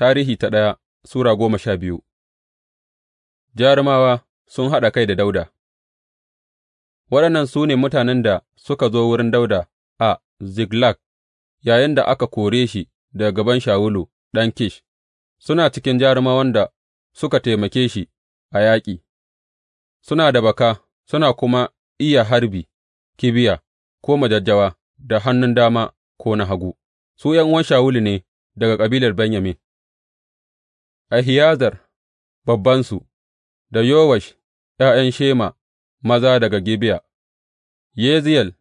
Tarihi ta ɗaya Sura goma sha biyu Jarumawa sun haɗa kai da Dauda Waɗannan su ne mutanen da suka zo wurin Dauda a yayin da aka kore shi daga gaban Shawulu ɗan Kish, suna cikin jarumawan da suka taimake shi a yaƙi, suna da baka suna kuma iya harbi, kibiya ko majajjawa da hannun dama ko na hagu, su ’yan'uwan Shawulu ne daga kabilar Benyamin. hiyazar babbansu, da Yowash ’ya'yan Shema maza daga Gibeya, Yeziyel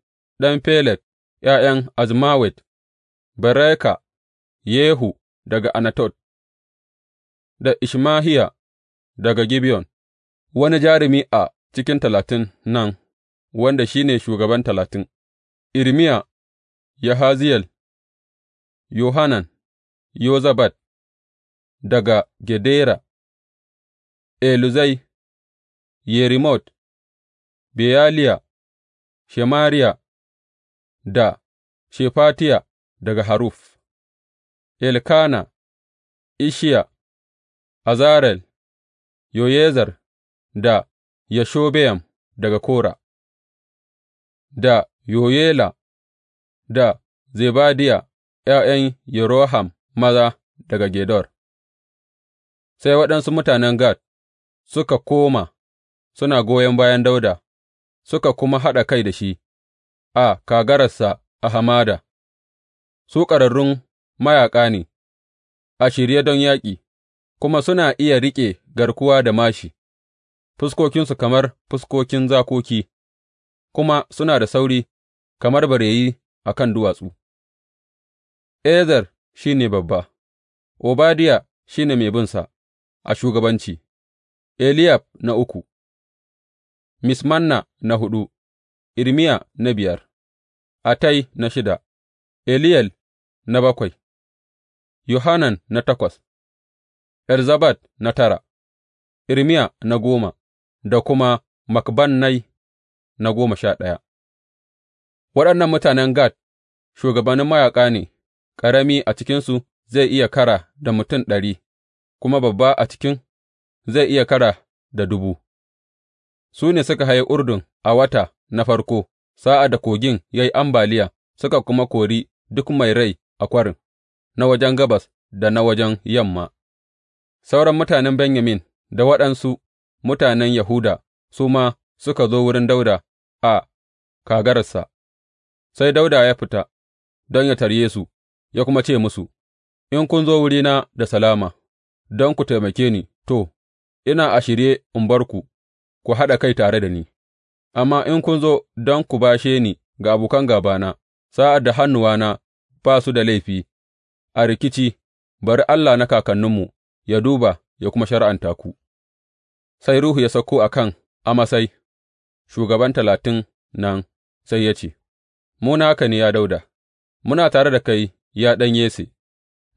ɗan Felet, ’ya'yan Azmawet, bereka, Yehu daga Anatot, da Ishmahiya daga Gibeyon, wani jarumi a cikin Talatin nan, wanda shi ne shugaban Talatin, Irmiya, Yahaziyel, Yohanan, Yozabat. daga Gedera, Eluzai, Yerimot, Beyaliya, Shemariya da Shefatiya daga Haruf, Elkana, Ishiya, Azarel, Yoyezer da Yashobeyam daga Kora, da Yoyela da Zebadiya ’ya'yan Yeroham maza daga Gedor. sai waɗansu mutanen Gad suka koma suna goyon bayan Dawuda, suka kuma haɗa kai da shi a kagararsa a hamada, su ƙararrun mayaƙa ne, a shirye don yaƙi, kuma suna iya riƙe garkuwa da mashi. fuskokinsu kamar fuskokin zakoki, kuma suna da sauri kamar bareyi a kan duwatsu. Ezer shi ne babba, Obadiya shi ne mai binsa. a shugabanci, Eliyab na uku, Mismanna na huɗu, Irmiya na biyar, Atai na shida, Eliyel na bakwai, Yohanan na takwas, erzabad na tara, Irmiya na goma da kuma Makbannai na goma sha ɗaya. Waɗannan mutanen Gad shugabannin mayaƙa ne, ƙarami a cikinsu zai iya kara da mutum ɗari. kuma babba a cikin zai iya kara da dubu. Su ne suka haye Urdun a wata na farko, sa'ad da kogin ya yi ambaliya, suka kuma kori duk mai rai a kwarin, na wajen gabas da na wajen yamma. Sauran mutanen Benyamin da waɗansu mutanen Yahuda su ma suka zo wurin Dauda a kagararsa, sai Dauda ya fita don ya tarye su, ya kuma ce musu, In kun zo wurina da salama, don ku taimake ni, to, ina a shirye in bar ku, ku haɗa kai tare da ni, amma in kun zo don ku bashe ni ga abokan gābana, sa'ad da hannuwana ba su da laifi a rikici, bari Allah na kakanninmu ya duba ya kuma shari'anta ku. Sai Ruhu ya sauko a kan Amasai, shugaban talatin nan, sai ya ce, Mu naka ne, ya dauda. muna tare da kai, ya ɗan yese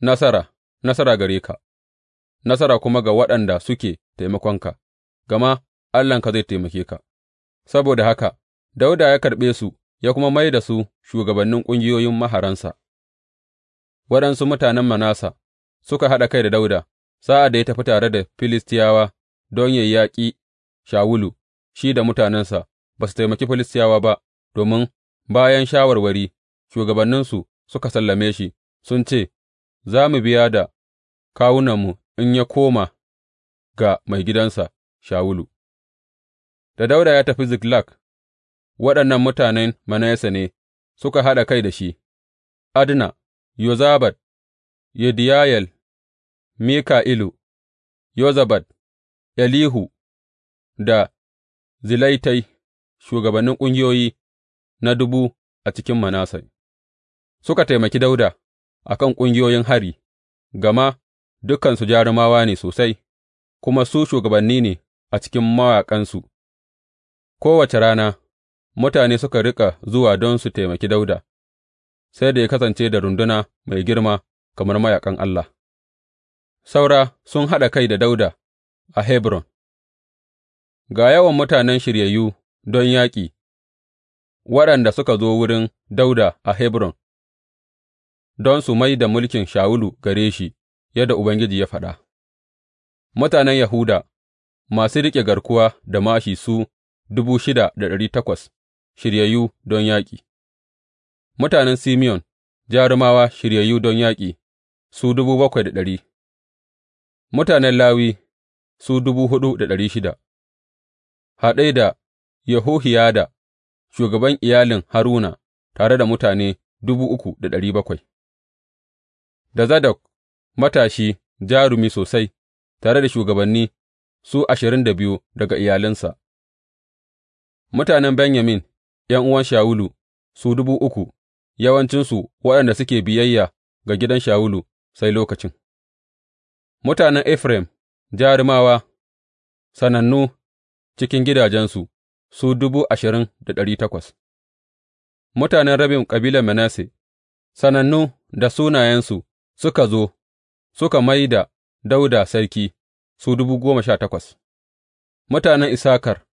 nasara, nasara gare ka. nasara kuma ga waɗanda suke taimakonka, gama Allahnka zai taimake ka. Saboda haka, Dawuda ya karɓe su ya kuma mai da su shugabannin ƙungiyoyin maharansa. Waɗansu mutanen Manasa suka haɗa kai da Dawuda sa'ad da ya tafi tare da Filistiyawa don yă yaƙi Shawulu, shi da mutanensa ba su taimaki Filistiyawa ba, domin bayan shawarwari shugabanninsu suka sallame shi sun ce, Za mu biya da kawunanmu in ya koma ga maigidansa Shawulu. Da Dawuda ya tafi Ziklag, waɗannan mutanen Manasse ne suka haɗa kai da shi, Adna, Yozabad, Yediyayel, Mika'ilu, Yozabad, Elihu da Zilaitai, shugabannin ƙungiyoyi na dubu a cikin Manasse, suka taimaki Dauda a kan ƙungiyoyin hari, gama dukansu jarumawa ne sosai, kuma su shugabanni ne a cikin mawaƙansu, kowace rana mutane suka riƙa zuwa don su taimaki Dawuda, sai da ya kasance da runduna mai girma kamar mayaƙan Allah. Saura sun haɗa kai da Dawuda a Hebron Ga yawan mutanen shiryayyu don yaƙi waɗanda suka zo wurin Dawuda a Hebron don su mai da mulkin Shawulu gare shi. yadda Ubangiji ya faɗa, mutanen Yahuda masu riƙe garkuwa da māshi su dubu shida da ɗari takwas shiryayyu don yaƙi, mutanen Simeon jarumawa shiryayyu don yaƙi su dubu bakwai da ɗari, mutanen Lawi su dubu hudu da ɗari shida, haɗe da Yehohiyada shugaban iyalin Haruna tare da mutane dubu uku da ɗari bakwai, da Zadok matashi jarumi sosai, tare da shugabanni su ashirin da biyu daga iyalinsa. mutanen Benyamin, uwan Shawulu, su dubu uku, yawancinsu waɗanda suke biyayya ga gidan Shawulu sai lokacin, mutanen Efraim, jarumawa, sanannu cikin gidajensu, su dubu ashirin da ɗari takwas, mutanen rabin kabilar Manasse, sanannu da sunayensu suka zo suka mai da Dawuda sarki su dubu goma sha takwas, mutanen Isakar,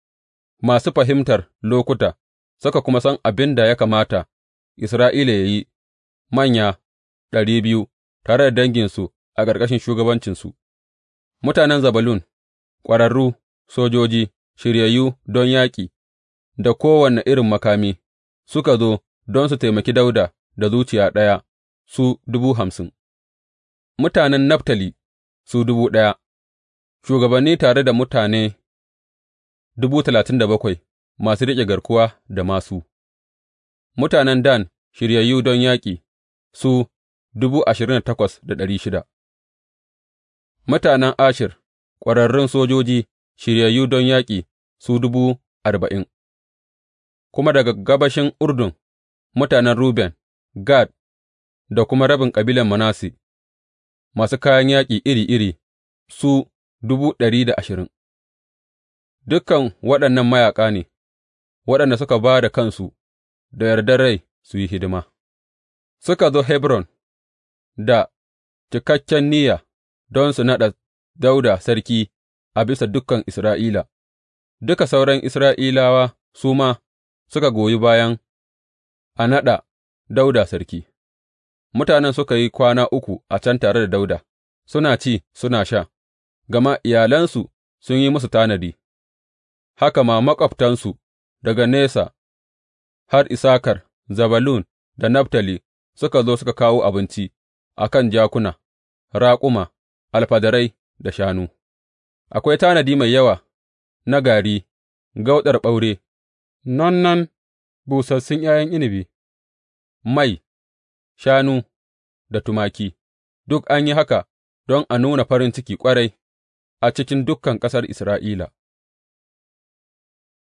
masu fahimtar lokuta suka kuma san abin da ya kamata Isra'ila ya yi manya ɗari biyu tare da danginsu a ƙarƙashin shugabancinsu, mutanen Zabalun, ƙwararru, sojoji, shiryayyu don yaƙi da kowane irin makami, suka zo don su taimaki Dawuda da zuciya ɗaya su dubu hamsin. mutanen Naftali su dubu ɗaya, shugabanni tare da mutane dubu talatin da bakwai masu riƙe garkuwa da masu, mutanen Dan shiryayyu don yaƙi su dubu ashirin da takwas da ɗari shida, mutanen Ashir ƙwararrun sojoji shiryayyu don yaƙi su dubu arba'in, kuma daga gabashin Urdun mutanen Ruben, Gad da kuma rabin kabilar Manasse. masu kayan yaƙi iri iri su dubu ɗari da ashirin, dukan waɗannan mayaƙa ne waɗanda suka ba da kansu da yardar rai su yi hidima, suka zo Hebron da cikakken niyya don su naɗa Dauda sarki a bisa dukan Isra'ila, duka sauran Isra'ilawa su ma suka goyi bayan a naɗa Dauda sarki. mutanen suka yi kwana uku a can tare da Dawuda, suna ci suna sha, gama iyalansu sun yi musu tanadi, haka ma maƙwabtansu daga nesa har Isakar, Zabalun da Naftali suka zo suka kawo abinci a kan jakuna, raƙuma, alfadarai da shanu. Akwai tanadi mai yawa na gari, gauɗar ɓaure, Nannan busassun ’ya'yan inabi, mai. shanu da tumaki, duk an yi haka don a nuna farin ciki ƙwarai a cikin dukan ƙasar Isra'ila.